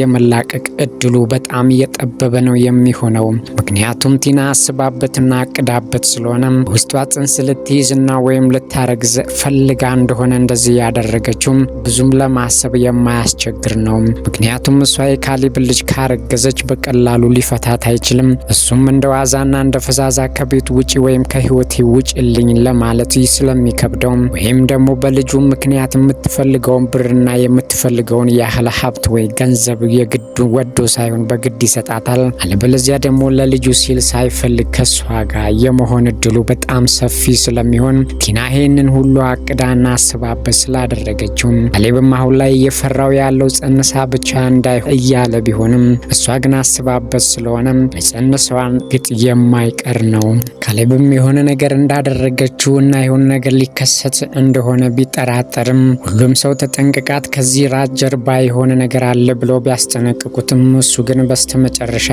የመላቀቅ እድሉ በጣም እየጠበበ ነው የሚሆነው። ምክንያቱም ቲና አስባበትና አቅዳበት ስለሆነ ውስጧ ጽንስ ልትይዝና ወይም ልታረግዝ ፈልጋ እንደሆነ እንደዚህ ያደረገችውም ብዙም ለማሰብ የማያስቸግር ነው። ምክንያቱም እሷ የካሊብ ልጅ ካረገዘች በቀላሉ ሊፈታት አይችልም። እሱም እንደ ዋዛና እንደ ፈዛዛ ከቤት ውጪ ወይም ከህይወቴ ውጪልኝ ለማለት ስለሚከብደው ወይም ደግሞ በልጁ ምክንያት የምትፈልገውን ብርና የምትፈልገውን ያህል ሀብት ወይ ገንዘብ የግድ ወዶ ሳይሆን በግድ ይሰጣታል። አለበለዚያ ደግሞ ለልጁ ሲል ሳይፈልግ ከሷ ጋር የመሆን እድሉ በጣም ሰፊ ስለሚሆን ቲና ይሄንን ሁሉ አቅዳና አስባበት ስላደረገችው ካሌብም አሁን ላይ እየፈራው ያለው ጸንሳ ብቻ እንዳይሆን እያለ ቢሆንም እሷ ግን አስባበት ስለሆነ መጸነሷን ግጥ የማይቀር ነው። ካሌብም የሆነ ነገር እንዳደረገችው እና የሆነ ነገር ሊከሰት እንደሆነ ቢጠራጠርም ሁሉም ሰው ተጠንቅቃት ከዚህ ራት ጀርባ የሆነ ነገር አለ ብሎ ቢያስጠነቅቁትም እሱ ግን በስተመጨረሻ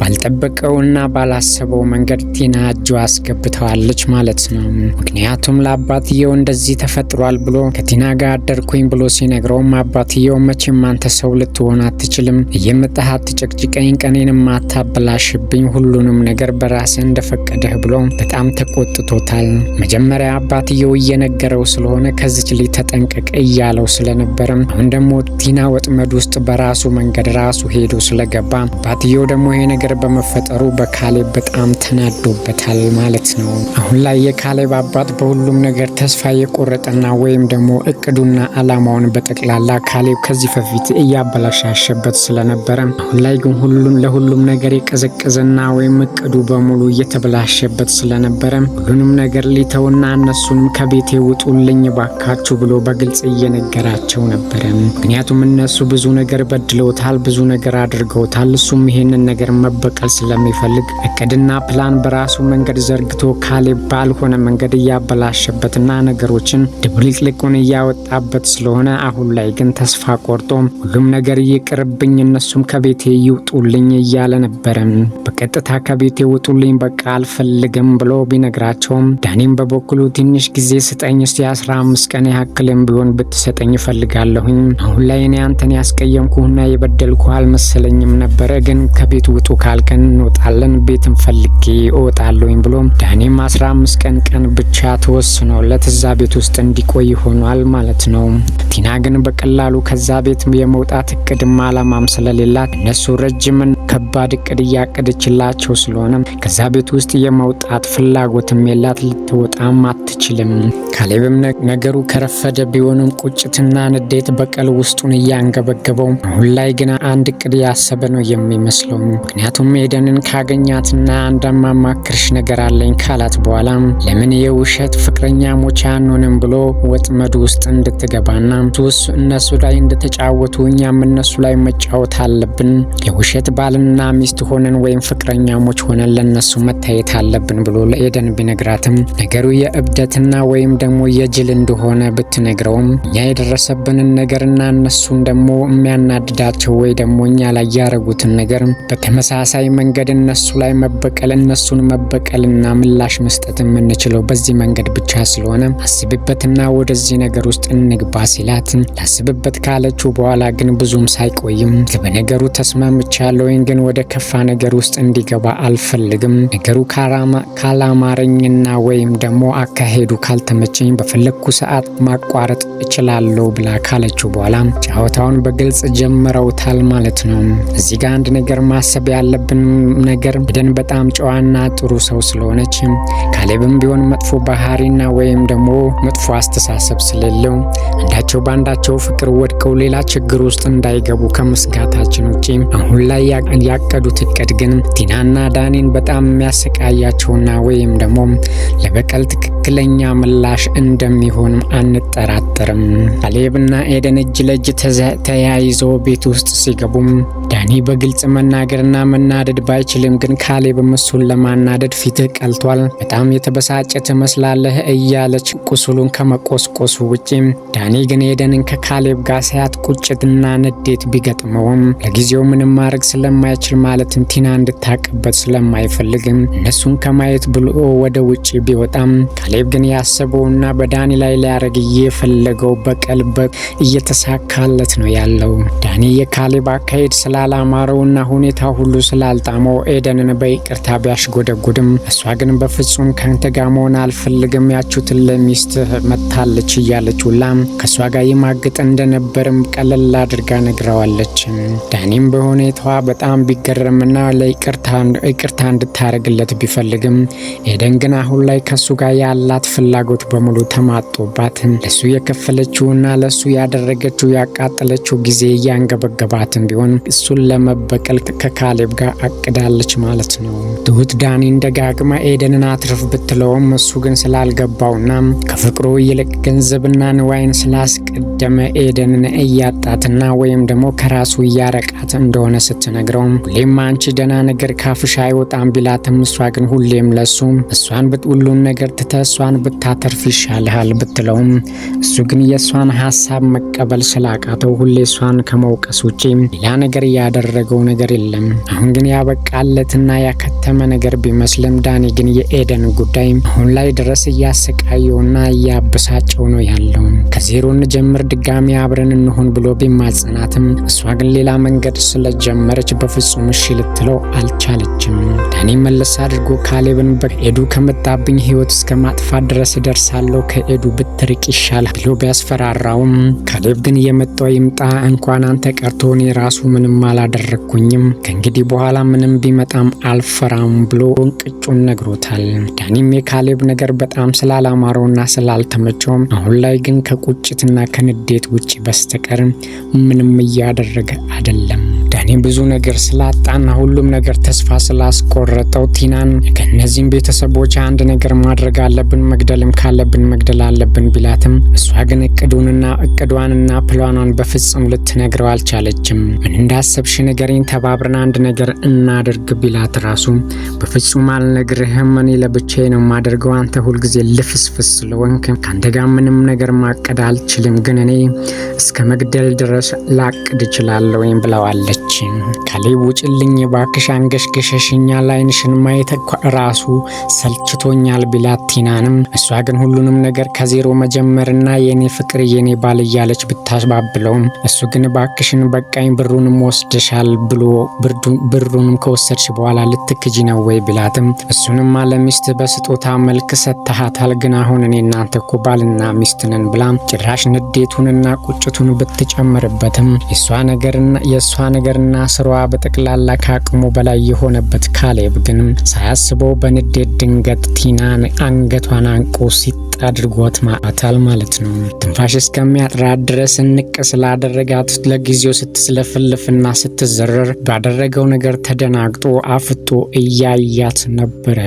ባልጠበቀውና ባላሰበው መንገድ ቲና እጁ አስገብተዋለች ማለት ነው። ምክንያቱም ለአባትየው እንደዚህ ተፈጥሯል ብሎ ከቲና ጋር አደርኩኝ ብሎ ሲነግረውም አባትየው መቼም አንተ ሰው ልትሆን አትችልም፣ እየመጣህ አትጨቅጭቀኝ፣ ቀኔንም አታበላሽብኝ፣ ሁሉንም ነገር በራስህ እንደፈቀደህ ብሎ በጣም ተቆጥቶታል። መጀመሪያ አባትየው እየነገረው ስለሆነ ከዚች ልጅ ተጠንቀቅ እያለው ስለነበረም አሁን ደግሞ ቲና ወጥመድ ውስጥ በራሱ መንገድ ራሱ ሄዶ ስለገባ ባትየው ደግሞ ይሄ ነገር በመፈጠሩ በካሌብ በጣም ተናዶበታል ማለት ነው። አሁን ላይ የካሌብ አባት በሁሉም ነገር ተስፋ የቆረጠና ወይም ደግሞ እቅዱና አላማውን በጠቅላላ ካሌብ ከዚህ በፊት እያበላሻሸበት ስለነበረ አሁን ላይ ግን ሁሉም ለሁሉም ነገር የቀዘቀዘና ወይም እቅዱ በሙሉ እየተበላሸበት ስለነበረ ሁሉንም ነገር ሊተውና እነሱንም ከቤቴ ውጡልኝ ባካችሁ ብሎ በግልጽ እየነገራቸው ነበረ። ምክንያቱም እነሱ ብዙ ነገር በድ ገድለውታል፣ ብዙ ነገር አድርገውታል። እሱም ይሄንን ነገር መበቀል ስለሚፈልግ እቅድና ፕላን በራሱ መንገድ ዘርግቶ ካሌብ ባልሆነ መንገድ እያበላሸበትና ነገሮችን ድብልቅልቁን እያወጣበት ስለሆነ አሁን ላይ ግን ተስፋ ቆርጦ ሁሉም ነገር ይቅርብኝ፣ እነሱም ከቤቴ ይውጡልኝ እያለ ነበረም። በቀጥታ ከቤቴ ውጡልኝ፣ በቃ አልፈልግም ብሎ ቢነግራቸውም ዳኒም በበኩሉ ትንሽ ጊዜ ስጠኝ፣ እስቲ 15 ቀን ያክልም ቢሆን ብትሰጠኝ እፈልጋለሁኝ። አሁን ላይ እኔ አንተን ያስቀየምኩህና የበደልኩ አልመሰለኝም ነበረ፣ ግን ከቤት ውጡ ካልከን እንወጣለን፣ ቤትም ፈልጌ እወጣለሁኝ ብሎ ዳኔም አስራ አምስት ቀን ቀን ብቻ ተወስኖለት እዛ ቤት ውስጥ እንዲቆይ ሆኗል ማለት ነው። ቲና ግን በቀላሉ ከዛ ቤት የመውጣት እቅድም አላማም ስለሌላት እነሱ ረጅምን ከባድ እቅድ እያቀደችላቸው ስለሆነ ከዛ ቤት ውስጥ የመውጣት ፍላጎትም የላት፣ ልትወጣም አትችልም። ካሌብም ነገሩ ከረፈደ ቢሆንም ቁጭትና ንዴት በቀል ውስጡን እያንገበገበው ላይ ግን አንድ እቅድ ያሰበ ነው የሚመስለው። ምክንያቱም ኤደንን ካገኛትና እንዳማማክርሽ ነገር አለኝ ካላት በኋላ ለምን የውሸት ፍቅረኛ ሞች አንሆንም ብሎ ወጥመድ ውስጥ እንድትገባና ሱስ እነሱ ላይ እንደተጫወቱ እኛም እነሱ ላይ መጫወት አለብን፣ የውሸት ባልና ሚስት ሆነን ወይም ፍቅረኛ ሞች ሆነን ለእነሱ መታየት አለብን ብሎ ለኤደን ቢነግራትም ነገሩ የእብደትና ወይም ደግሞ የጅል እንደሆነ ብትነግረውም እኛ የደረሰብንን ነገርና እነሱን ደግሞ የሚያናድዳ መውሰዳቸው ወይ ደግሞ እኛ ላይ ያረጉትን ነገር በተመሳሳይ መንገድ እነሱ ላይ መበቀል እነሱን መበቀልና ምላሽ መስጠት የምንችለው በዚህ መንገድ ብቻ ስለሆነ አስብበትና ወደዚህ ነገር ውስጥ እንግባ ሲላት ላስብበት ካለችው በኋላ ግን ብዙም ሳይቆይም በነገሩ ተስማምቻለሁ፣ ግን ወደ ከፋ ነገር ውስጥ እንዲገባ አልፈልግም። ነገሩ ካላማረኝና ወይም ደግሞ አካሄዱ ካልተመቸኝ በፈለግኩ ሰዓት ማቋረጥ እችላለሁ ብላ ካለችው በኋላ ጨዋታውን በግልጽ ጀመረ ፈጥረውታል ማለት ነው። እዚህ ጋር አንድ ነገር ማሰብ ያለብን ነገር ኤደን በጣም ጨዋና ጥሩ ሰው ስለሆነች ካሌብም ቢሆን መጥፎ ባህሪና ወይም ደግሞ መጥፎ አስተሳሰብ ስለሌለው አንዳቸው በአንዳቸው ፍቅር ወድቀው ሌላ ችግር ውስጥ እንዳይገቡ ከመስጋታችን ውጪ አሁን ላይ ያቀዱት እቅድ ግን ቲናና ዳኒን በጣም የሚያሰቃያቸውና ወይም ደግሞ ለበቀል ትክክለኛ ምላሽ እንደሚሆን አንጠራጠርም። ካሌብና ኤደን እጅ ለእጅ ቤ ቤት ውስጥ ሲገቡም ዳኒ በግልጽ መናገርና መናደድ ባይችልም ግን ካሌብም እሱን ለማናደድ ፊትህ ቀልቷል፣ በጣም የተበሳጨ ትመስላለህ እያለች ቁስሉን ከመቆስቆሱ ውጪ ዳኒ ግን ኤደንን ከካሌብ ጋር ሳያት ቁጭትና ንዴት ቢገጥመውም ለጊዜው ምንም ማድረግ ስለማይችል ማለትም ቲና እንድታቅበት ስለማይፈልግም እነሱን ከማየት ብሎ ወደ ውጪ ቢወጣም ካሌብ ግን ያሰበውና በዳኒ ላይ ሊያደርግ እየፈለገው በቀልበ እየተሳካለት ነው ያለው። ዳኒ የካሌብ አካሄድ ስለ ስላላማረውና ሁኔታ ሁሉ ስላልጣመው ኤደንን በይቅርታ ቢያሽጎደጉድም እሷ ግን በፍጹም ከአንተ ጋር መሆን አልፈልግም ያችሁትን ለሚስትህ መታለች እያለች ሁላም ከእሷ ጋር ይማግጥ እንደነበርም ቀለል አድርጋ ነግረዋለች። ዳኒም በሁኔታዋ በጣም ቢገረምና ለይቅርታ እንድታደርግለት ቢፈልግም ኤደን ግን አሁን ላይ ከእሱ ጋር ያላት ፍላጎት በሙሉ ተማጦባት ለሱ የከፈለችውና ለሱ ያደረገችው ያቃጠለችው ጊዜ እያንገበገባትም ቢሆን እሱ እሱን ለመበቀል ከካሌብ ጋር አቅዳለች ማለት ነው። ትሁት ዳኒን ደጋግማ ኤደንን አትርፍ ብትለውም እሱ ግን ስላልገባውና ከፍቅሩ ይልቅ ገንዘብና ንዋይን ስላስቀደመ ኤደንን እያጣትና ወይም ደግሞ ከራሱ እያረቃት እንደሆነ ስትነግረው ሁሌም አንቺ ደህና ነገር ካፍሽ አይወጣም ቢላትም እሷ ግን ሁሌም ለሱ እሷን ሁሉን ነገር ትተ እሷን ብታተርፍ ይሻልሃል ብትለውም እሱ ግን የእሷን ሀሳብ መቀበል ስላቃተው ሁሌ እሷን ከመውቀስ ውጪ ሌላ ነገር ያደረገው ነገር የለም። አሁን ግን ያበቃለትና ያከተመ ነገር ቢመስልም ዳኒ ግን የኤደን ጉዳይ አሁን ላይ ድረስ እያሰቃየውና እያበሳጨው ነው ያለው። ከዜሮ እንጀምር ድጋሚ አብረን እንሆን ብሎ ቢማጽናትም እሷ ግን ሌላ መንገድ ስለጀመረች በፍጹም እሺ ልትለው አልቻለችም። ዳኒ መለስ አድርጎ ካሌብን በኤዱ ከመጣብኝ ህይወት እስከ ማጥፋት ድረስ ደርሳለሁ ከኤዱ ብትርቅ ይሻላል ብሎ ቢያስፈራራውም ካሌብ ግን የመጣው ይምጣ እንኳን አንተ ቀርቶ እኔ ራሱ ምንም አላደረግኩኝም፣ ከእንግዲህ በኋላ ምንም ቢመጣም አልፈራም ብሎ እንቅጩን ነግሮታል። ዳኒም የካሌብ ነገር በጣም ስላላማረውና ስላልተመቸውም አሁን ላይ ግን ከቁጭትና ከንዴት ውጭ በስተቀር ምንም እያደረገ አይደለም። ያኔ ብዙ ነገር ስላጣና ሁሉም ነገር ተስፋ ስላስቆረጠው ቲናን ከእነዚህም ቤተሰቦች አንድ ነገር ማድረግ አለብን፣ መግደልም ካለብን መግደል አለብን ቢላትም እሷ ግን እቅዱንና እቅዷንና ፕላኗን በፍጹም ልትነግረው አልቻለችም። ምን እንዳሰብሽ ንገሪኝ፣ ተባብረን አንድ ነገር እናደርግ ቢላት ራሱ በፍጹም አልነግርህም፣ እኔ ለብቻዬ ነው ማደርገው፣ አንተ ሁልጊዜ ልፍስፍስ ስለሆንክ ከአንተ ጋር ምንም ነገር ማቀድ አልችልም፣ ግን እኔ እስከ መግደል ድረስ ላቅድ እችላለሁ ብለዋለች። ከላይ ውጭልኝ ባክሽ አንገሽገሸሽኛል፣ አይንሽን ማየት ራሱ ሰልችቶኛል ቢላት ቲናንም እሷ ግን ሁሉንም ነገር ከዜሮ መጀመርና የኔ ፍቅር የኔ ባል እያለች ብታባብለውም እሱ ግን ባክሽን በቃኝ ብሩንም ወስደሻል ብሎ ብሩንም ከወሰድሽ በኋላ ልትክጂ ነው ወይ ቢላትም፣ እሱንም አለሚስት በስጦታ መልክ ሰጥተሃታል፣ ግን አሁን እኔ እናንተ እኮ ባልና ሚስት ነን ብላ ጭራሽ ንዴቱንና ቁጭቱን ብትጨምርበትም የእሷ ነገርና ጦርና ስሯ በጠቅላላ ከአቅሙ በላይ የሆነበት ካሌብ ግን ሳያስበው በንዴት ድንገት ቲናን አንገቷን አንቆ ሲት አድርጎት ማታል ማለት ነው። ትንፋሽ እስከሚያጥራት ድረስ እንቅ ስላደረጋት ለጊዜው ስትስለፍልፍና ስትዘረር ባደረገው ነገር ተደናግጦ አፍጦ እያያት ነበረ።